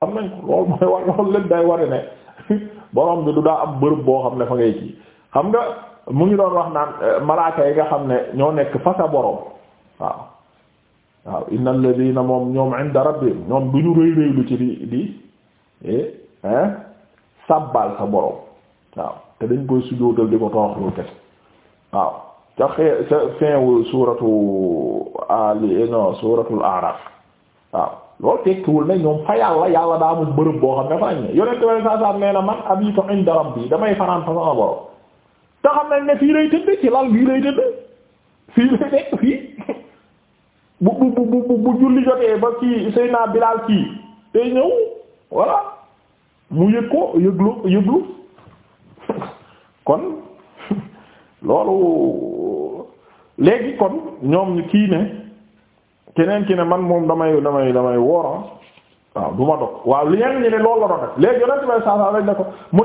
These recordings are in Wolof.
am nañ ko loolu mooy war loolu lépp day ware ne borom bi du daa am bërëb boo xam ne fa ngay ci xam nga mu ngi doon wax naan eh, malaaka yi nga xam ne ñoo nekk fa sa borom waaw waaw innal moom ñoom inda rabbihim moom du ñu rëy rëylu ci di di eh, hein sàbbaal sa borom waaw te dañ koy sujjóotal di ko toroxlu kese waaw ca xee ca fin suuratu ali eh, non suuratul waaw loolu tekkiwul ne ñoom fa yàlla yàlla daa amul bërëb boo xam ne fa ne yonent way na man abitu inda damay fanaan fa sama te xam ne fii lay tëdd ci lal bii lay tëdd fii lay nekk fii bu bu bu bu bu julli jotee ba ci Seyna Bilal kii tey ñëw voilà mu yëg ko yëglu yëglu kon loolu léegi kon ñoom kii ne keneen ki ne man moom damay damay damay wooroon ah. waaw du ma dog waaw li ngeen ñu ne loolu la doon def léegi yonent bi saa lañ ne ko mu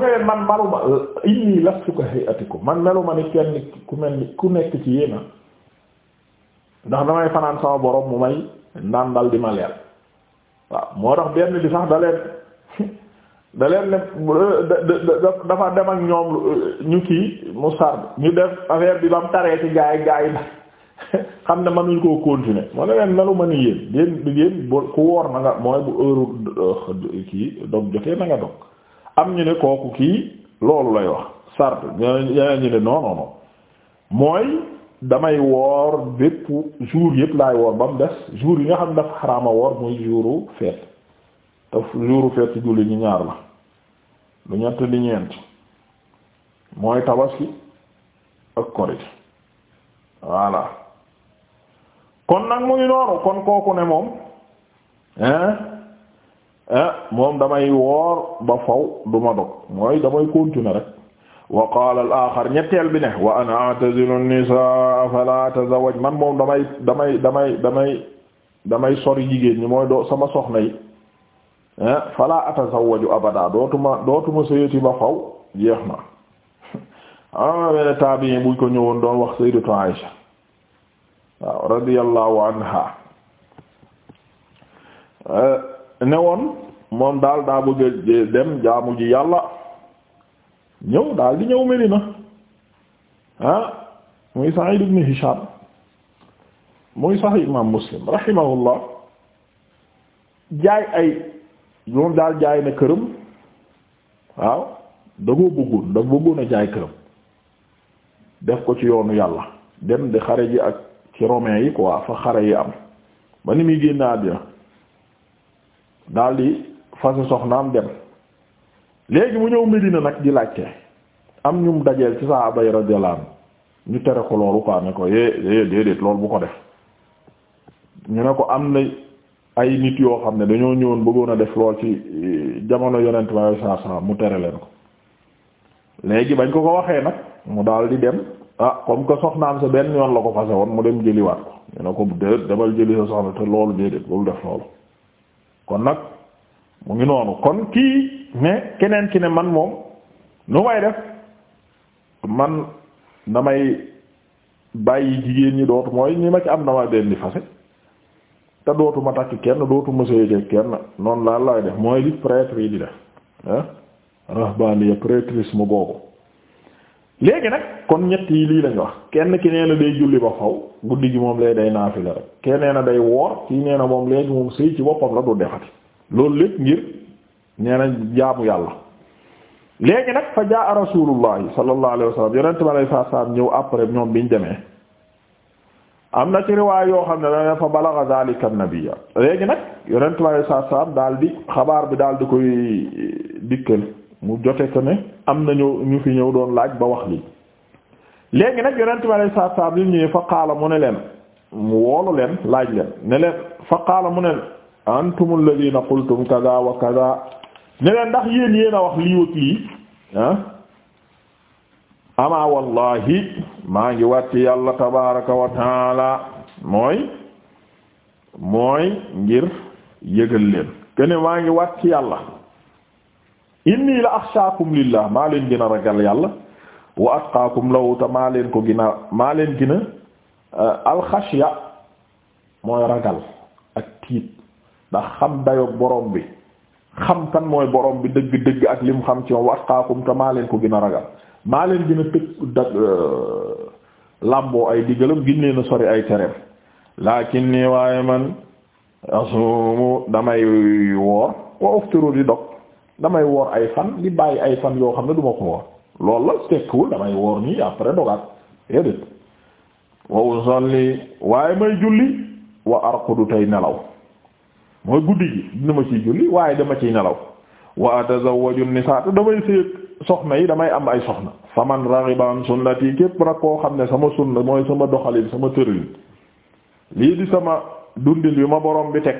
ne man meluma ni kenn ku mel ni ku nekk ci yéena ah. ndax damay fanaan sama borom mu may ndàndal di ma leel waaw moo tax benn bi sax da leen da leen dafa dem ak ñoom eh, ñu kii mu sard ñu def affaire bi ba mu taree ci gaay gaay la xam ne mënuñ koo continuer ma ne leen melu ma ni yéen yéen yéen bu ku woor na nga mooy bu heure euh, kii dog jotee na nga dog am ñu ne kooku kii loolu lay wax sart ñeneen ñu ne non mooy damay woor bépp jour yëpp laay woor ba mu des jour yi nga xam ne dafa xaraama woor muy jouru feet te jouru feet julli ñu ñaar la lu ñett di ñeent mooy tabaski ak korite voilà kon nag mu ngi noonu kon kooku ne moom ah moom damay woor ba faw du ma dog mooy damay continuer rek wa qaala al ñetteel bi ne wa ana a'tazilu an-nisaa fala atazawwaj man moom damay damay damay damay sori jigéen ñi mooy doo sama soxna yi fala atazawwaju abada dootuma dootuma sëyati ba faw jeex na ah wene tabi'i buñ ko ñëwoon doon wax sayyidatu Aisha waaw radiyallahu anha eh, ne woon moom daal daa bëgg dem jaamu ji yàlla ñëw daal di ñëw Medina ah muy Sa'id ibn Hisham muy Sahih imam Muslim rahimahullah jaay ay moom daal jaay na këram waaw da koo bëggoon da bëggoon jaay këram def ko ci yoonu yàlla dem di xare ak ci romain yi quoi fa xare yi am ba ni muy génn àddina daldi fase soxnaam dem léegi mu ñëw Medina nag di laajte am ñum dajeel ci sahaaba yi radiyallahu ñu tere ko loolu quoi ne ko yée eh, eh, déedéet loolu bu ko def ñu ne ko am na ay nit yoo xam ne dañoo ñëwoon bëggoon a def lool ci eh, jamono yonent bi sallallahu alayhi mu tere leen ko léegi bañ ko ko waxee nag mu daal di dem ah comme que soxnaam sa benn yoon la ko fase woon mu dem jëliwaat ko ñu ne ko déet demal jëli sa soxna te loolu déedéet bul def loolu kon nag mu ngi noonu kon kii mais keneen ki ne man moom nu may def man damay bàyyi jigéen ñi dootu mooy ñi ma ci am damay benn di fase te dootuma takk kenn dootu dootuma sëyeeg kenn noonu laal laay def mooy li prêtre yi di def ah rahbaniya prêtrisme googu léegi nag kon ñetti lii lañ wax kenn ki nee na day julli ba faw guddi gi moom lay day naafila rek kenn day woor ki nee na moom léegi moom sëy ci boppam la du defati loolu lépp ngir nee na jaamu yàlla léegi nag fa jaa rasulullahi sallallahu alayhi wasallam yonent bi alayhi salaam ñëw après ñoom biñ demee am na ci riwaay yoo xam ne dana fa balagha zalika nabiyya léegi nag yonent bi sa salaam daal di xabaar bi daal di koy dikkal mu jote ko ne am na ñu ñu fi ñëw doon laaj ba wax lii léegi nag yonent bi alayhi salaatu salaam li ñëwee fa qaala mu ne leen mu woolu leen laaj leen ne leen fa mu ne leen antumul ladina qultum kaza wa kaza ne leen ndax yéen yéen a wax lii wëkk lii ah ama maa ngi wàtti yàlla tabaraka wa taala mooy mooy ngir yëgal leen kene maa ngi wàtti yàlla inni la axshaakum lillah maa leen gën a ragal yàlla wa atqaakum law ta maa leen ko gën a maa leen gën a eh, mooy ragal ak tiit ndax xam dayoog borom bi xam kan mooy borom bi dëgg-dëgg ak lim xam ci moom wa atqaakum te maa leen ko gën a ragal maa leen gën a tëgg da eh, làmboo ay digalam gin leen a ay tereem lakin nii waaye man asumu damay woor wa uftiru di dog damay woor ay fan li bàyyi ay fan yoo xam ne du ma ko woor loolu la tekkiwul damay woor nii après dogaat déedéet wa usalli waaye may julli wa arqudu tey nelaw mooy guddi gi dina ma ciy julli waaye dama ciy nelaw wa atazawwaju nisaa te damay séet soxna yi damay am ay soxna sa raghiba an sunnati képp nag koo xam ne sama sunna mooy sama doxalin sama tëralin lii di sama dundin yu ma borom bi teg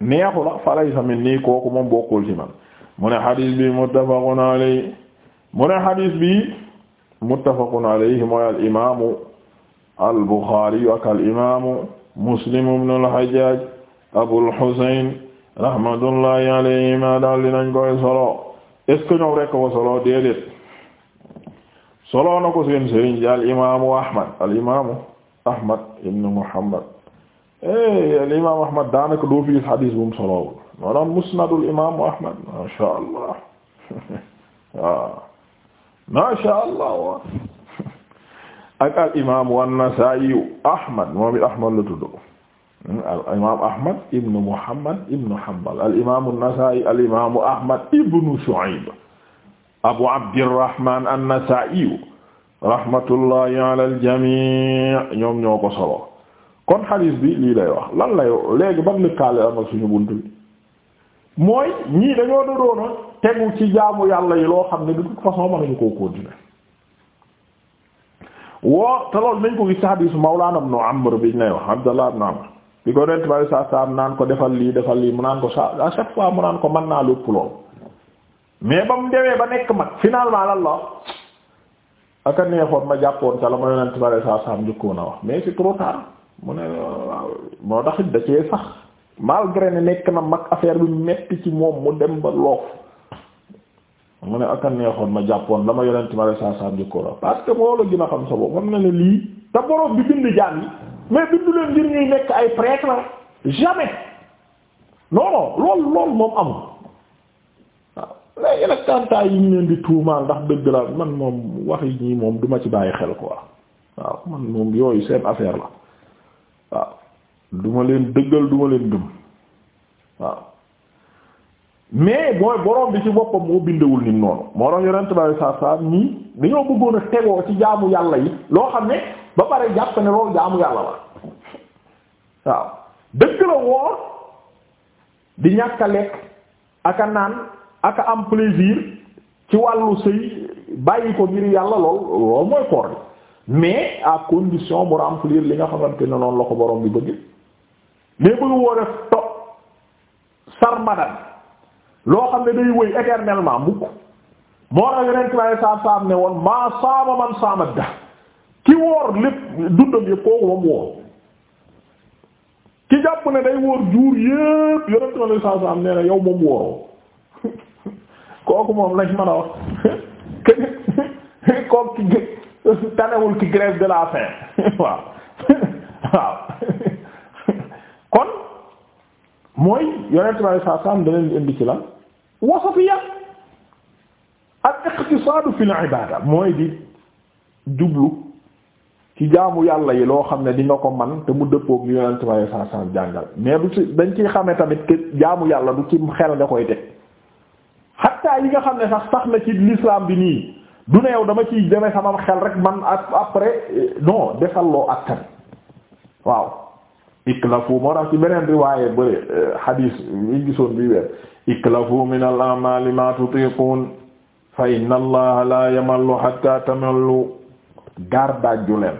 neexu la falay samin nii kooku moom bokkul ci man mu ne xadis bi muttafaqun alayhi mu ne xadis bi muttafaqun alayhi mooy al imaamu al buxaari ak al imaamu muslim ibn al hajjaj abul husayn rahmatullahi alayhima daal dinañ koy solo est-ce que ñoom rek ko solo déedéet solo na ko seen sëriñ ji al imaamu ahmad al imaamu ahmad ibn muhammad eh al imaamu ahmad daanaka doo fi xadis bu mu solowul maanaam musnadul imaamu Ahmad masha Allah waaw ah, masha Allah waaw ak al imaamu an-Nasaa'i Ahmad moom it Ahmad la tudd hmm, al imaamu Ahmad ibn Muhammad ibn Hanbal al imaamu an-Nasaa'i al imaamu Ahmad ibn Shu'ayb Abu Abdirrahmaan an-Nasaa'i rahmatullahi ala al-jamii' ñoom ñoo ko solo kon hadith bi lii lay wax lan lay léegi ban lëkkaale am ak suñu buntu bi mooy ñii dañoo dodoona tegu ci jaamu yàlla yi loo xam ne de toute façon mënuñu koo continuer woo te loolu nañ ko gis ci hadiis Mawlaana ibn Amr bi ñu lay wax Abdallah ibn Amr bi ko naan ko defal lii defal lii mu naan ko sa à chaque fois mu naan ko mën naa lépp lool mais ba mu demee ba nekk mag finalement lan la aka neexoon ma jàppoon ca la ma yonent bari saa saa njëkkoon a wax mais c'est trop mu ne waaw moo tax da cee sax malgré ne nekk na mag affaire bi metti ci moom mu dem ba loof mu ne aka neexoon ma jàppoon dama yonent ma saa saa njëkkoona parce que moo la a xam sa bopp xam na ne lii te borom bi bind jaam yi mais bindu leen ngir ñuy nekk ay prêtre la jamais non non lool moom amul waaw léegi nag kantaay yi ñu leen di tuumaal ndax dëgg la man moom wax yi ñii moom duma ci bàyyi xel quoi waaw man moom yooyu seen affaire la waaw duma leen dëggal duma leen gëm waaw mais mooy borom bi ci boppam moo bindewul nit noonu moo tax yonent bari saa nii dañoo bëggoon a tegoo ci jaamu yàlla yi loo xam ne ba pare jàpp ne loolu jaamu yàlla la waaw dëgg la woor di ñàkk a lekk aka naan aka am plaisir ci wàllu sëy bàyyi ko ngir yàlla lool lool mooy koor bi mais à condition mu remplir li nga xamante ne noonu la ko borom bi bëgg mais bëgg woo def to sarmadan loo xam ne day wëy éternellement mukk moo tax yonent lay saab saab ne woon maa saama man saama da ki woor lépp dundam yëpp kooku moom woor ki jàpp ne day woor juur yëpp yonent lay saab saab nee na yow moom wooroo kooku moom lañ mën a wax kooku ki tanewul ki grève de la faim waaw waaw kon mooy yonent bi sallallahu alayhi wasallam da leen indi ci la wasatiya ak iqtisaadu fil ibaada mooy di jublu ci jaamu yàlla yi loo xam ne di nga ko man te mu dëppook li yonent bi sallallahu alayhi wasallam jàngal mais du ci dañ ciy xamee tamit que jaamu yàlla du ci xel nga koy teg xatta yi nga xam ne sax sax na ci l'islam bi nii du neew dama ciy demee sama xel rek man après non defal loo attan waaw iklafu moo tax ci beneen riwaaye bëri hadis euh, ñi gisoon bi weer iklafu min al a'mali ma tutiqun fa inna allaha la yamallu hatta tamallu gar dajju leen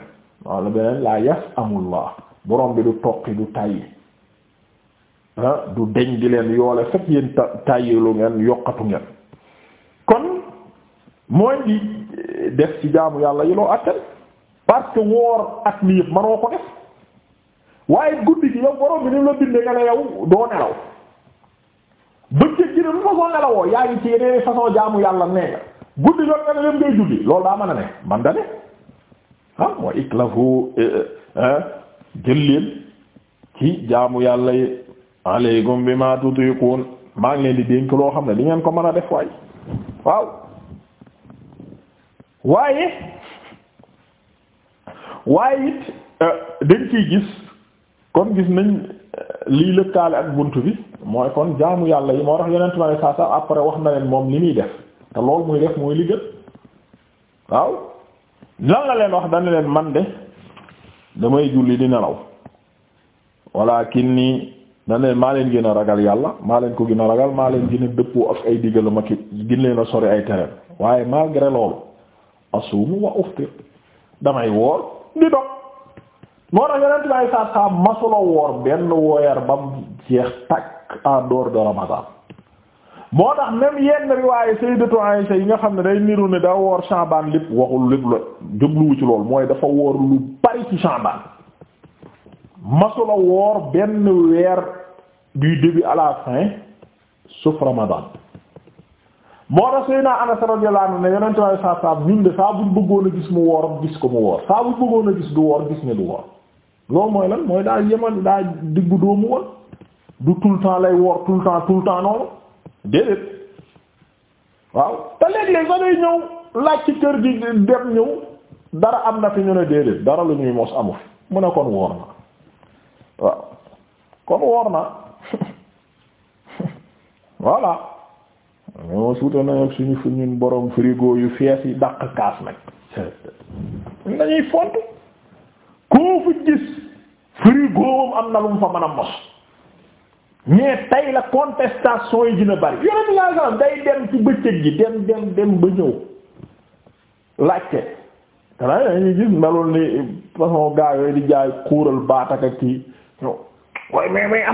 ngeen yokkatu ngeen kon mooy di euh, def ci jaamu yàlla yiloo attel parce que woor at mi yëpp manoo ko def waaye guddi gi yow borom bi ni la bindee nga ne yow doo nelaw bëccëg gi ne lu façon nelawoo yaa ngi ci yeneen façon jaamu yàlla nee nga guddi yoon nga ne leen ngay julli loolu daa mën a ne man da ne ah mooy iklafu eh, eh, eh, jël leen ci jaamu yàlla yi alaykum bi ma tutiqun maa ngi leen di dénk loo xam ne di ngeen ko mën a def waay waaw waaye waaye it dañ ciy gis kon gis nañ euh, lii lëkkaale ak bunt bi mooy kon jaamu yàlla yi moo tax yeneen ma ne saa saa après wax na leen moom li muy def te loolu muy def mooy li gën waaw lan la leen wax dana leen man de damay julli di nelaw nii dana leen maa leen gën a ragal yàlla maa leen ko gën a ragal maa leen gën a dëppoo ak ay digalam ak gën leen a sori ay tereem waaye malgré loolu asuumu wa uftir damay woor di dog moo tax yeneen tubaab yi masula woor benn weer ba mu jeex takk en dehors de Ramadan moo tax même yenn riwaaye Sayyidatu Aisha yi nga xam ne day niru ne daa woor Sha'ban lépp waxul lépp la jubluwu ci lool mooy dafa woor lu bari ci Sha'ban masula woor benn weer du début à la fin sauf Ramadan moo tax Seydina Anas radiyallahu anhu ne Yonent bi sallallahu ñun de saa buñ gis mu woor gis ko mu woor saa buñ a gis du woor gis ne du woor. loolu mooy lan mooy daal yemal daa diggu doomu woon du tout temps lay woor tout le temps tout temps noonu déedéet waaw te léeg-léeg sax ñëw laaj ci kër gi dem ñëw dara am na fi ñu ne déedéet dara lu ñuy mos amu fi mu ne kon woor na waaw kon woor na voilà ñoo suuta na suñu fu ñun borom frigo yu fees yi dàq kaas nag dañuy font koo fi gis frigo am na lu mu fa mën a mos mais tey la contestation yi dina bari yeneen laa sax day dem ci bëccëg gi dem dem dem ba ñëw laajte xanaa dañuy yooyu di jaay kuural baataka kii ñëw waaye mais mais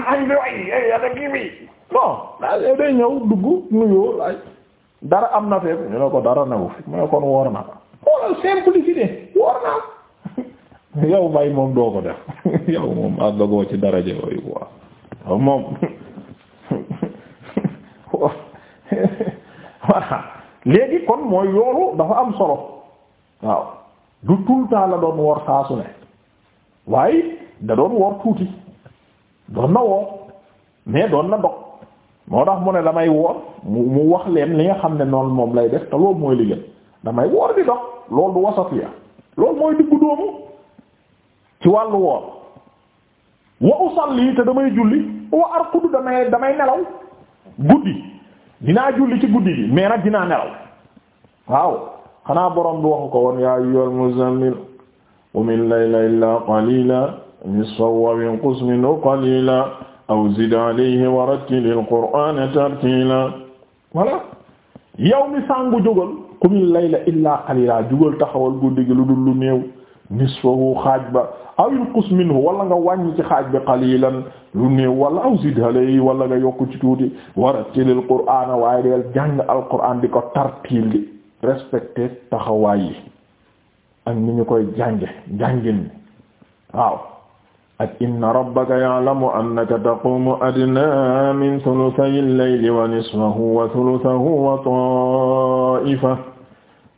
dugg nuyoo laaj dara am na feeb ñu ne ko dara newu fi mu ne kon woor na xoolal simplicité woor na yow bay moom doo ko def yow moom àggagoo ci daraja yooyu quoi yow moom léegi kon mooy yoolu dafa am solo waaw du tout le la doon woor saa su ne waaye da doon woor tuuti doon na woor mais doon na dog moo tax mu ne damay woor mu mu wax leen li nga xam ne noonu moom lay def te loolu mooy liggéey damay woor di dog loolu du wasatu loolu mooy diggu doomu ci wàllu woor wa usalli te damay julli wa arqudu damay damay nelaw guddi dinaa julli ci guddi bi mais nag dinaa nelaw waaw xanaa borom bi waxu ko yaa ayyuhal muzammil qum al-layla illaa qaliila nisfahu aw inqus minhu qaliila aw zid alayhi wa rattilil qur'aana tartiila voilà yow mi sàngu jógal qumil layla illaa qaliila jógal taxawal guddi gi lu dul nisfahu xaaj ba aw yunqus minhu wala nga wàññi ci xaaj bi qalilan lu néew wala aw zid alay wala nga yokku ci tuuti warattilil qur'aana waaye deel jàng alqur'aan di ko tartiil li respecté taxawaay yi ak ni ñu koy jànge jàngin ni waaw ak inna rabbaka ya'lamu annaka taqumu min thuluthay al wa nisfahu wa thuluthahu wa ta'ifa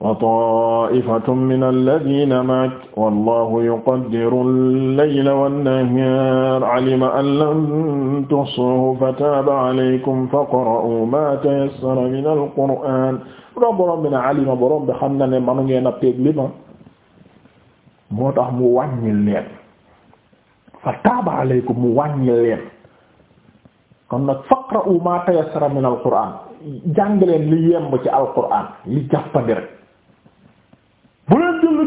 wa taa'ifatun mina allaziina ma'aka wallaahu yuqaddiru al-layla wan-nahaara 'alima an lan tuhsuuhu fataaba 'alaykum faqra'uu maa tayassara mina al-qur'aan loolu borom bi ne alima borom bi xam na ne manu ngeen a peeg li ma moo tax mu wàññil leen fataaba 'alaykum mu wàññil leen kon nag faqra'uu maa tayassara mina al-qur'aan jàng leen li yemb ci al-qur'aan li jàppandi rek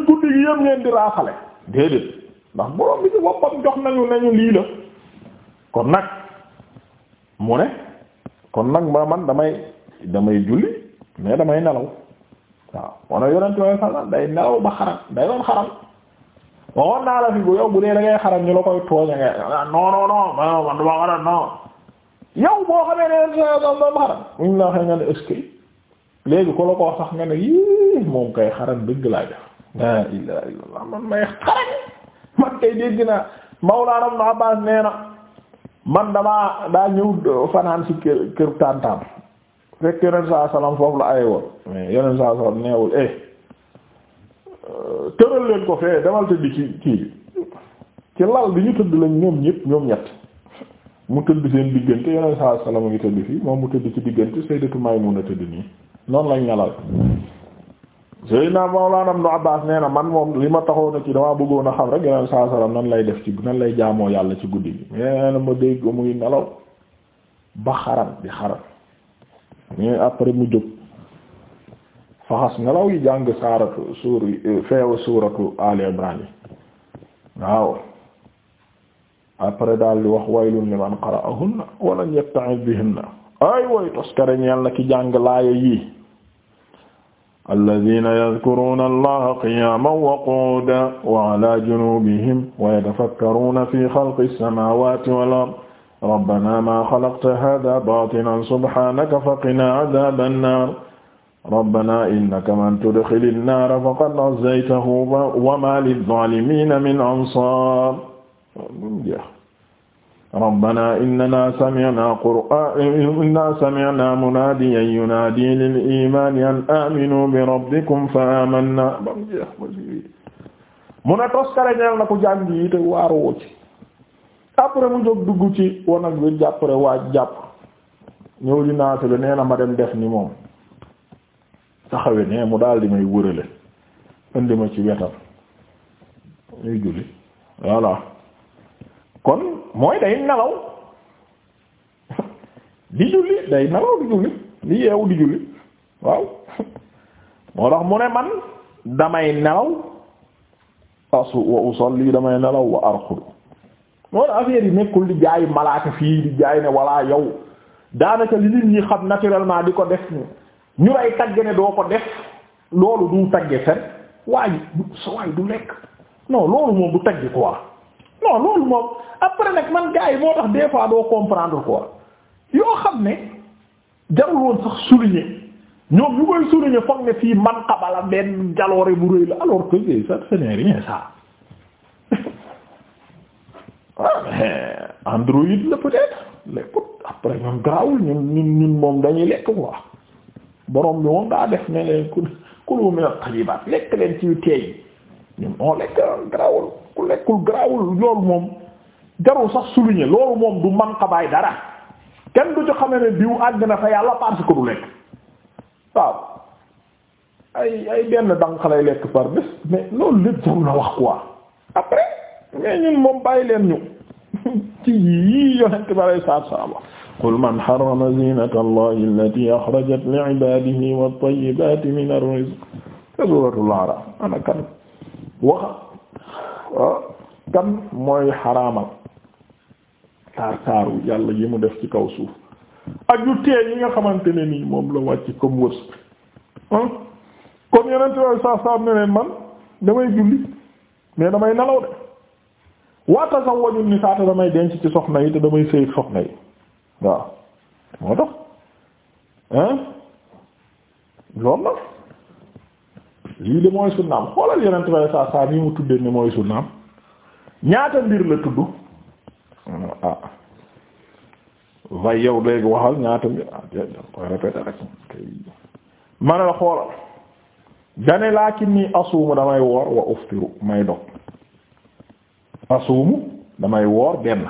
guddi gi yëpp ngeen di raaxale déedéet ndax borom bi ci boppam jox nañu nañu lii la kon nag mu ne kon nag ma man damay damay julli mais damay nelaw waaw wana a way sala day nelaw ba xaram day naa bu yow bu dee ñu nga ah, yow boo xamee ne doon doon xaram la léegi ko la ko sax nga ne yii moom kay xaram dëgg laa def la ilaha illallah man may xarañ man kay dégg naa Mawlaana Ibn Abbaas nee na man damaa daa ñëw fanaan ci kër kër tàntaam fekk yonent saa salaam foofu la aye woon mais yonent saa salaam neewul eh euh, tëral leen ko fee demal tëdd ci kii ci lal bi ñu tëdd lañ ñoom ñëpp ñoom ñett mu tëdd seen diggante yonent saa salaam a ngi tëdd fii moom mu tëdd ci diggante Sayyidatu Maymuna tëdd nii noonu lañ ngalal Seydina Mawlana Ibn Abbas nee na man moom li ma taxoon ci damaa bëggoon a xam rek yeneen saa salaam nan lay def ci nan lay jaamoo yàlla ci guddi gi nee na ma dégg muy nelaw ba xaran di xaran mais après mu jóg faxas nelaw yi jàng saaratu suur feew suuratu Ali Imran yi waaw après daal di wax waylun liman qara'ahunna wa lam yasta'id bihinna ay way toskare ñeel na ki jàng laaya yii alladina yadkuruna allaha qiyaman wa qu'udan wa ala junubihim wa yatafakkaruna fi xalqi alsamawati wal ard rabbana ma xalaqta hada batilan subhanaka faqina adaba annar rabbana innaka man tudxili nnaara faqad azzaytahu wa ma lilzalimina min ansar rabbana innana sami'na qur'an inna sami'na munaadiyan yunaadi lil iimaani an bi rabbikum fa aamanna mu ne toskare ñeel na ko jàng yi te waaru ci après mu jóg dugg ci wanag bi jàppare waa jàpp ñëw di naata bi nee ma dem def ni moom taxawe ne mu daal di may wërale indi ma ci wetam ñuy julli voilà kon mooy day nelaw di julli day nelaw di julli di yeewu di julli waaw moo tax mu ne man damay nelaw asu wa lii damay nelaw wa arqud moo tax affaire yi nekkul di jaay malaaka fii di jaay ne walla yow daanaka li nit ñi xam naturellement di ko def ñu lay tagge ne doo ko def loolu du tagge fen waaye du sa du lekk non loolu moom du tagge quoi non loolu moom après nag man gars yi moo tax des doo comprendre quoi yoo xam ne jarul woon sax souligner ñoom ñu koy souligner foog ne fii man xabala benn jaloore bu rëy la alors que ça ce ah, Android la peut moom dañuy lekk quoi leen ku kulu mina tayibat lekk leen ci ku lekkul garaawul loolu moom jarul sax souligner loolu moom du manqabaay dara kenn du ci xamee ne diw àgg na fa yàlla parce que du lekk waaw ay benn dànq lay lekk par bés mais loolu lépp jarul na après mais ñun moom ñu ci yii yonent bi alayhi salaatu wa qul man harrama zinata allahi allati akhrajat li kan Ah, kan mooy xaraamal taar taaru yàlla yi mu def ci kaw suuf ak yu tee yi nga xamante ne nii moom la wàcc comme wërs ah, kon yeneen tewel saa saa ne leen man damay julli mais damay nelaw de waata sax wajul ni saata damay denc ci soxna yi te damay sëy soxna yi waaw moo tax hein ah, loolu la lii de mooy sunnaam xoolal yonent bi saa saa nii mu tuddee ni mooy sunnaam ñaata mbir la tudd ah waaye yow léegi waxal ñaata mbir ah déedéet koy répété rek ma ne damay woor wa uftiru may dog asuumu damay woor benn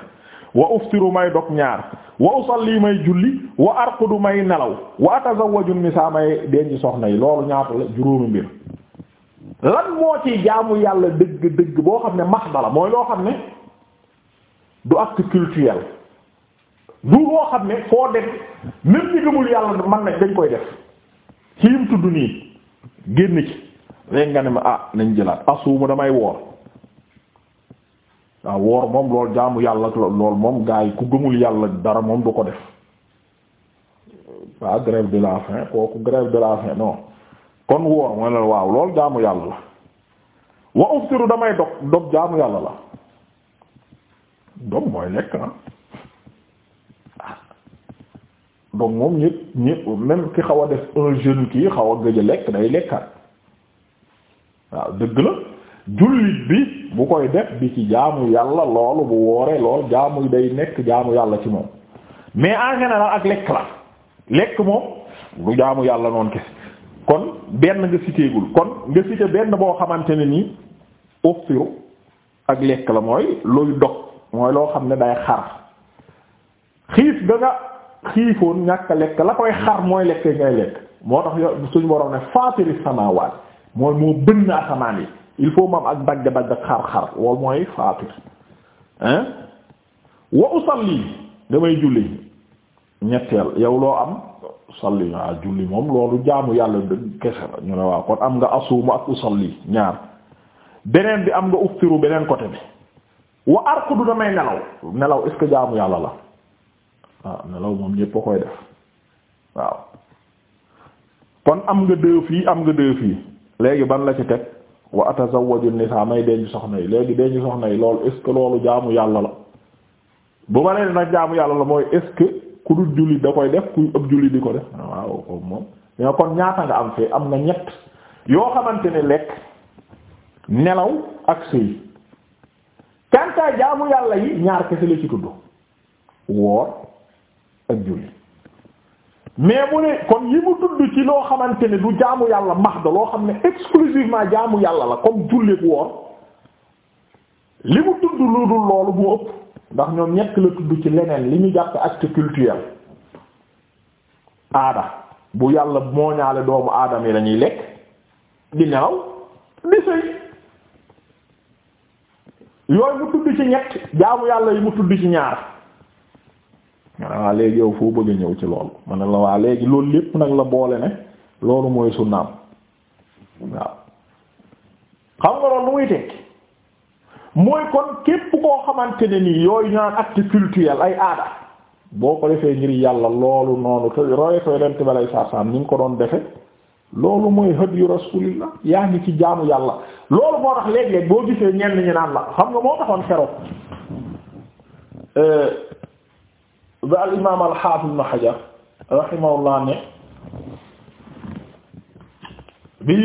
wa uftiru may dog ñaar wa usalli may julli wa arqudu may nelaw wa atazawwaju nisaa may denc soxna yi loolu ñaata la juróomi mbir lan moo ci jaamu yàlla dëgg dëgg boo xam ne max dala mooy loo xam ne du acte cultuel du loo xam ne foo def même ñi gëmul yàlla dañ koy def ci yim tudd nii génn ci léegi nga ne ma ah nañ jëlaat asuuma damay woor waaw woor moom loolu jaamu yàlla lool moom gaa yi ku gëmul yàlla dara moom du ko def waa grève de la faim kooku grève de la faim non kon woor mooy waaw loolu jaamu yàlla la wa uftiru damay dog dog jaamu yàlla la dog mooy lekk na ah. dog moom ñépp ñépp même ki xaw a def un jeune kii xaw a gëj lekk day lekkat waaw dëgg la jullit bi bu koy def bi ci jaamu yàlla loolu bu wooree lool jaamu day nekk jaamu yàlla ci moom mais en général ak lekk la lekk moom du jaamu yàlla noon kese kon benn nga citeegul kon nga cité benn boo xamante ne ni uffiru ak lekk la mooy luy dog mooy loo xam ne day xar xiif ga xiifoon ñàkk lekk la koy xar mooy lekk ngay lekk moo tax yo suñu borom ne faatiri samaawaat mooy moo bënn asamaan yi il faut moom ak dagg-dagg xar-xar loolu mooy faatir hein wa usalli damay julli ñetteel yow loo am salli waaw ah, julli moom loolu jaamu yàlla dëgg kese la ñu ne waaw kon am nga asuumu ak usalli ñaar beneen bi am nga uftiru beneen côté bi wa arqudu damay nelaw nelaw est jaamu yàlla la waaw ah, nelaw moom ñépp a koy def waaw kon am nga deux fii am nga deux fii léegi ban la ci teg wa atazawwaju nisaa may denc soxna yi léegi denc soxna yi loolu est ce que loolu jaamu yàlla la bu ma nee jaamu yàlla la mooy est ce que ku dul julli da koy def ku ëpp julli di ko def waaw ko moom mais kon ñaata nga am fi am na ñett yoo xamante ne lekk nelaw ak sëy kantaa jaamu yàlla yi ñaar kese la ci tudd woor ak julli mais mu ne kon yi mu tudd ci loo xamante ne du jaamu yàlla mahda loo xam ne exclusivement jaamu yàlla la comme jullit woor li mu tudd lu dul loolu bu ëpp ndax ñoom ñekk la tudd ci leneen li ñu jàpp acte cultuel aada bu yàlla moo ñaale doomu aadam yi lañuy lekk di nelaw di sëy yooyu mu tudd ci ñett jaamu yàlla yi mu tudd ci ñaar nga ne léegi yow foo bëgg a ñëw ci loolu ma ne la waa léegi loolu lépp nag la boole ne loolu mooy sunnaam waaw xam nga loolu lu muy tekki mooy kon képp koo xamante ne nii yooyu ñaan ay aada boo ko defee yàlla loolu noonu te royeto yonent ni nga ko doon defe loolu mooy hadyu rasulillah yaa ngi ci jaamu yàlla loolu moo tax léeg-léeg boo gisee ñenn ñi naan la xam nga moo taxoon keroog euh, ba al imaam al xaafis ibn Hajar rahimahullah ne bi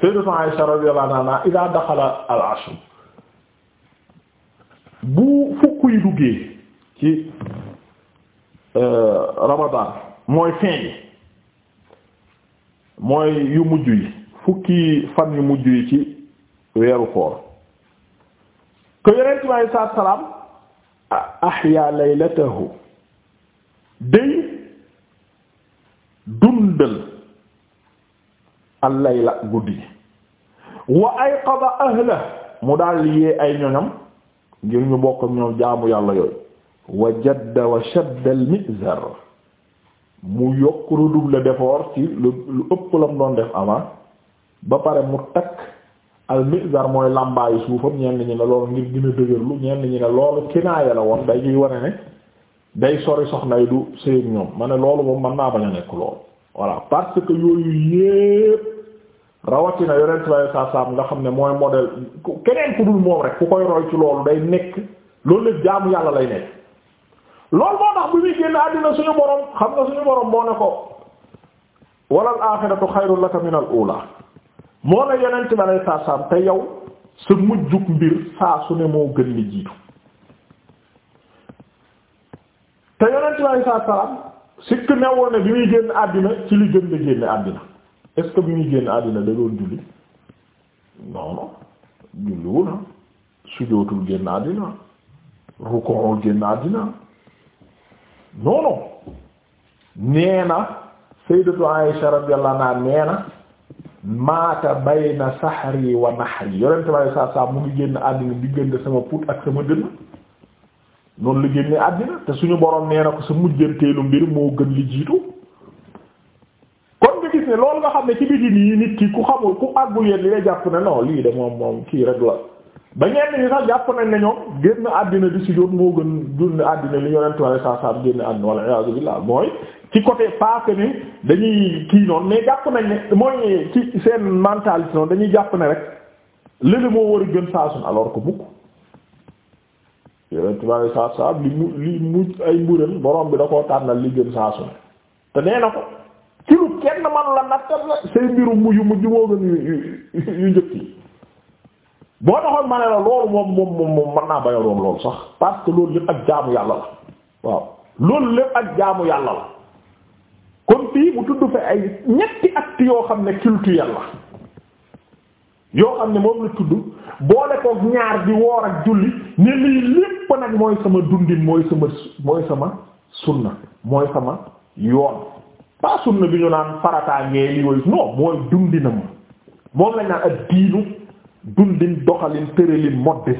sayyidatu Aisha radiyallahu anha idaa daxala al ashr bu fukk yi duggee ci euh, Ramadan mooy fin yi mooy yu mujj yi fukki fan yu mujj yi ci weeru koor ko yeneen ci alayhi salaam ahya laylatahu day dundal al guddi wa ayqada ahla mu daal yee ay ñoñam ngir ñu bokk ak ñoom jaamu yàlla yooyu wa wa shadda al mizar mu yokk redouble d'effort ci lu lu ëpp lam doon def avant ba pare mu takk al mizar mooy làmbaayu suufam ñenn ñi ne loolu ngir gën a dëgërlu ñenn ñi ne loolu kinaaya la woon day ñuy wane ne day sori soxna du sëy ñoom ma ne loolu moom mën naa bañ a loolu voilà parce que yooyu yépp rawatina yonent bi nga xam ne mooy modèle keneen ku dul ci loolu day nekk loolu lépp yàlla lay nekk loolu moo moo la yonent bi saa saam te yow sa mbir saa su moo gën li jiitu te yonent saa saam sikk newoon ne bi muy génn àddina ci li gën la génn àddina est-ce bi muy génn àddina da doon julli non non julliwu na ah. sujootul génn àddina rukoowul génn àddina non non nee na sayyidatu Aisha radiyallahu maata bayna saxari wa naxari yonente bale saa saa mu ngi génn àddina diggante sama put ak sama dënn noonu la génne àddina te suñu borom nee na ko sa mujjanteelu mbir moo gën li jiitu kon nga gis ne loolu nga xam ne ci biti nii nit ki ku xamul ku àggul yéen li jàpp na non lii de moom moom kii rek la ba ñenn ñi sax jàpp nañ ne génn àddina di si jot moo gën junne àddina li yonente bale saa saa génn àddina walla iyaazu billaah mooy ci côté paaka que ni dañuy kii noonu mais jàpp nañ ne mooy ci seen mentalité noonu dañuy jàpp ne rek lële moo war a saasu saasun alors que bukk yonent bi saa saab li mu li mu ay mburam borom bi da koo tànnal li gën saasun te nee ko ci lu kenn manu la nattal say mbiru yu mujj moo gën yu njëkk yi boo taxoon ma la loolu moom moom moom moom mën naa bañ loolu sax parce que loolu lépp ak jaamu yàlla la waaw loolu lépp ak jaamu yàlla la kon fii bu tudd fa ay ñetti actes yoo xam ne culturel la yoo xam ne moom la tudd boole koog ñaar bi woor ak julli ni lii lépp nag mooy sama dundin mooy sama mooy sama sunna mooy sama yoon pas sunna bi ñu naan farataa ngee lii woy non mooy dundinam moom lañ naan ak diinu dundin doxalin tëralin mode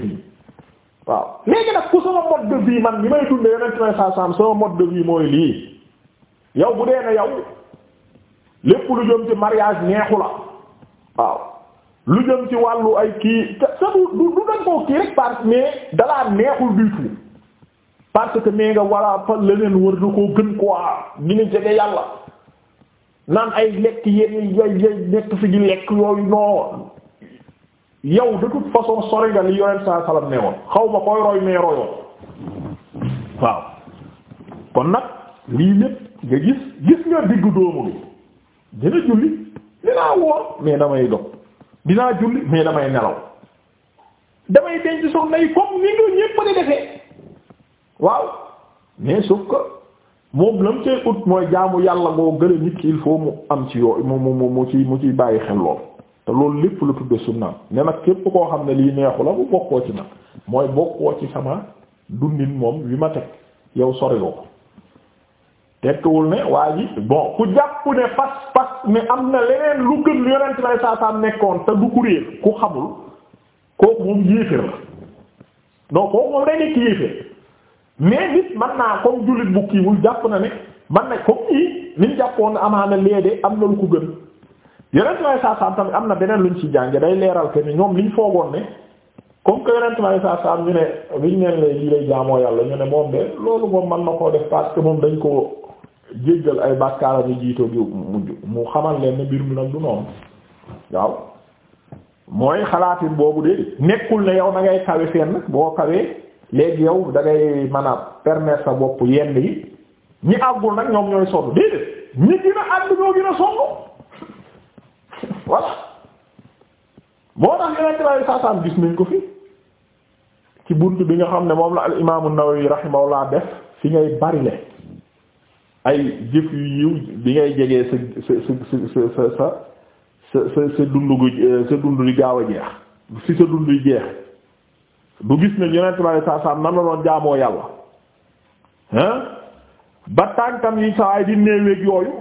waaw léegi nag ku sama mode man li may dundee yeneen trois cent sama mode mooy lii. yow bu dee na yow lépp lu jëm ci mariage neexu la waaw lu jëm ci wàllu ay kii te du du dañ koo kii rek parce mais dalaa neexul du tout parce que nee nga walla fa leneen war na koo gën quoi ni nga jege yàlla naan ay lekk yenn yay yay nekk fi di lekk yooyu noo yow de toute façon sori nga li yonent saa salaam ne woon xaw ma koy roy mais royoon waaw kon nag lii lépp nga gis gis nga diggu doomu bi dina julli dinaa woor mais damay dog dinaa julli mais damay nelaw damay denc soxna yi comme ni nga ñépp di defee waaw mais sauf que moom la mu see ut mooy jaamu yàlla ngoo gële nit ki il mu am ci yooyu mu mu mu ci mu bàyyi xel lool te loolu lépp la tudd sunna ne nag képp koo xam ne lii neexu la bu bokkoo ci nag mooy bokkoo ci sama dundin moom wi ma teg yow sori ko tekkiwul ne waa ji bon ku jàpp ne pas pas ne am na leneen lu gën lu lay saa nekkoon te du ku réer ku xamul kooku moom yéeféer la donc kooku moom day nekk yéeféer mais nit man naa comme jullit bu kiiwul jàpp na ne man na comme kii niñ jàppoon amaana lee de am na lu ko gën yonent lay saa tamit am na beneen luñ ci jànge day leeral que ni ñoom liñ foogoon ne comme que yonent ma saa ñu ne liñ neen lay lii lay jaamoo yàlla ñu ne moom de loolu moom moom dañ ko jéggal ay bàkkaaram yi jiitoo gi mujj mu xamal leen ne mbir mi nag du noonu waaw mooy xalaatin boobu de nekkul ne yow da ngay kawe fenn boo kawee léegi yow da ngay mën a permettre sa bopp yenn yi ñi àggul nag ñoom ñooy sonn déedéet ñi gën àgg ñoo gën a sonn moo tax yeneen traité saasaam gis nañ ko fi ci bunt bi nga xam ne moom la al imaamu Nawawi rahimahullah def fi ngay bari ay jëf yu yiw bi ngay jegee sa sa sa sa sa sa sa sa dund gu eh, sa dund di gaaw a jeex si sa dund yi jeex du gis ne yonent bi saa saa nan la doon jaamoo yàlla hein ba tànkam yi saa ay di néeweeg yooyu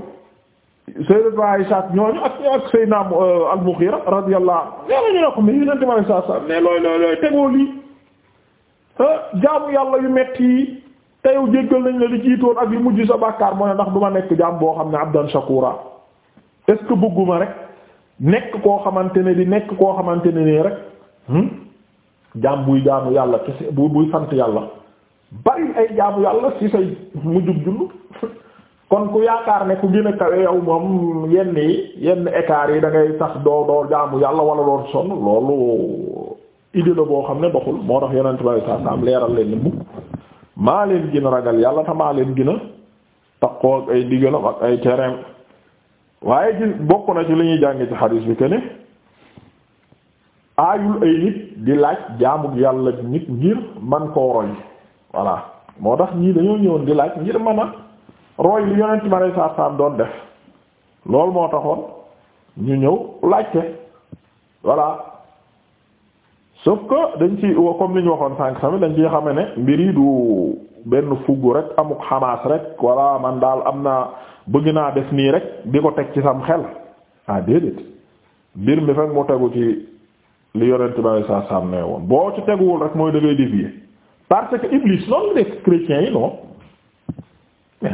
Sayyidatu Aisha ñooñu ak ak Sayyidina eh, al-Mughira radiyallahu nee na ne ko mais yonent bi saa saa mais looy looy tegoo lii jaamu yàlla yu metti te yow jéggal nañ la li jiitoon ak li mujj sa bàkkaar moo ne ndax du ma nekk jaam boo xam ne abdan shakura est-ce bëgguma rek nekk koo xamante ne di nekk koo xamante ne nii rek hmm? jaam buy jaamu yàlla kese bu buy sant yàlla bari ay jaamu yàlla ci say mujjub jullu kon ku yaakaar ne ku gën a kawe yow moom yenn yi yenn écarts yi da ngay tax doo doo jaamu yàlla wala doo sonn loolu idée boo xam ne doxul moo tax yonent bi sallallahu alayhi wasallam leeral leen ni maa leen gën a ragal yàlla te maa leen gën a ak ay digalam ak ay tereem waaye gis bokk na ci li ñuy jànge ci xadiis bi kenn aayul ay nit di laaj jaamu yàlla nit ngir man koo roy voilà moo tax ñii dañoo ñëwoon di laaj ngir mën a roy li yonent ma rey saa saam doon def loolu moo taxoon ñu ñëw laajte voilà dañ ci comme li ñu waxoon sànq tamit dañ ciy xame ne mbir yi du benn fuggu rek amuk xamaas rek walla man daal am na bëgg naa def nii rek di ko teg ci sam xel ah déedéet mbir mi fekk mu tegu ci li yonent bale saa sam mooy da ngay dévier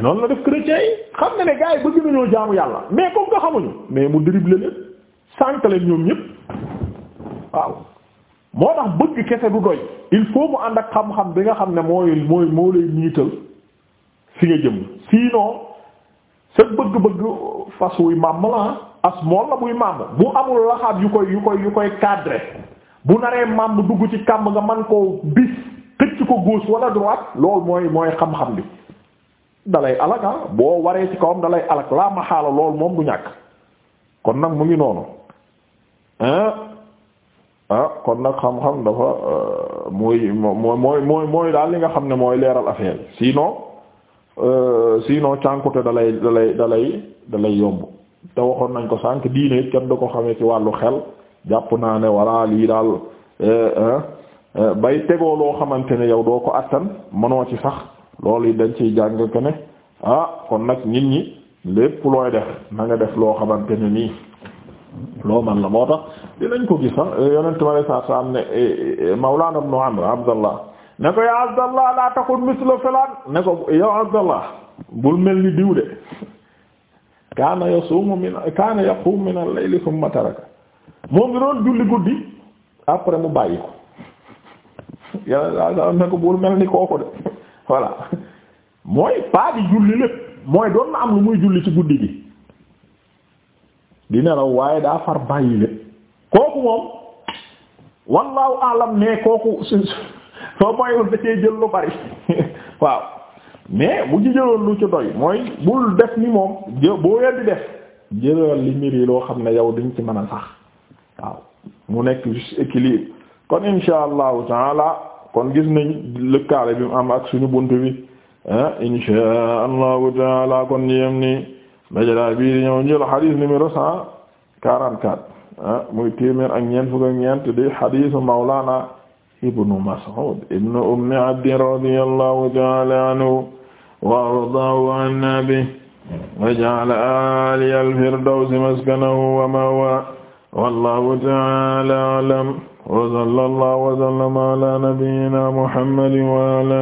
noonu la def chrétiens yi xam nga ne gars yi bëgg nañoo jaamu yàlla mais comme nga xamuñu mais mu dribble leen sànq leen ñoom ñëpp waaw moo tax bëgg kese du doy il faut mu ànd ak xam-xam bi nga xam ne mooy mooy moo lay niital fi nga jëm sinon sa bëgg-bëgg fas wuy màmm la as mool la buy màmm bu amul laxaab yu koy yu koy yu bu naree màmm dugg ci kàmb nga man koo bis xëcc ko gauche wala droite loolu mooy mooy xam-xam bi dalay alak ah boo waree ci kawam dalay alak laa maxaala loolu moom du ñàkk kon nag mu ngi noonu ah kon nag xam-xam dafa euh, moo mooy mooy mooy daal li nga xam ne mooy leeral affaire sinon euh, sinon cànkute da lay da yomb te waxoon nañ ko sànq diine it kenn du ko xamee ci wàllu xel jàpp naa ne walla lii daal euh, bay tegoo loo xamante ne yow doo ko attan mënoo ci sax lool yi dañ ciy jàng ko ne ah kon nag nit ñi lépp looy def na nga def loo xamante ne nii. loo man la moo tax dinañ ko gis ah yonent ma lay saa saa am ne eh, eh, Mawlana ibn Amr Abdallah ne ko yaa Abdallah laa takun misla fulan ne ko yow Abdallah bul mel ni diw de kaana yasuumu min kaana yaqumu min al-layli thumma taraka moom di doon julli guddi après mu bàyyi ko yàlla ne ko bul mel ni kooku de voilà mooy pas di julli lépp mooy doon na am lu muy julli ci guddi gi. di nelaw waaye daa far bàyyi lépp kooku moom wallaahu alam mais kooku soo moyul da cee jël lu bari waaw mais bu ci jëloon lu ci doy mooy bul def ni moom boo weddi def jëlal li mbir yi loo xam ne yow dañ ci mën a sax waaw mu nekk juste équilibre kon insha allahu taala kon gis nañ lëkkaale bi mu am ak suñu bunt bi insha allahu taala kon ñi yem ni majalaay bii di ñëw njël xadis numéro cent quarante quatre ah muy téeméer ak ñeent fukk ak ñeent di xadisu Mawlana ibnu Mas'ud ibnu Ummi Abd radiyallahu ta'ala anhu wa ardaahu anna bihi wa ja'ala aaliya al-firdawsi maskanahu wa ma'waahu wallahu ta'ala a'lam wa sallallahu wa sallama ala nabiyyina Muhammadin wa ala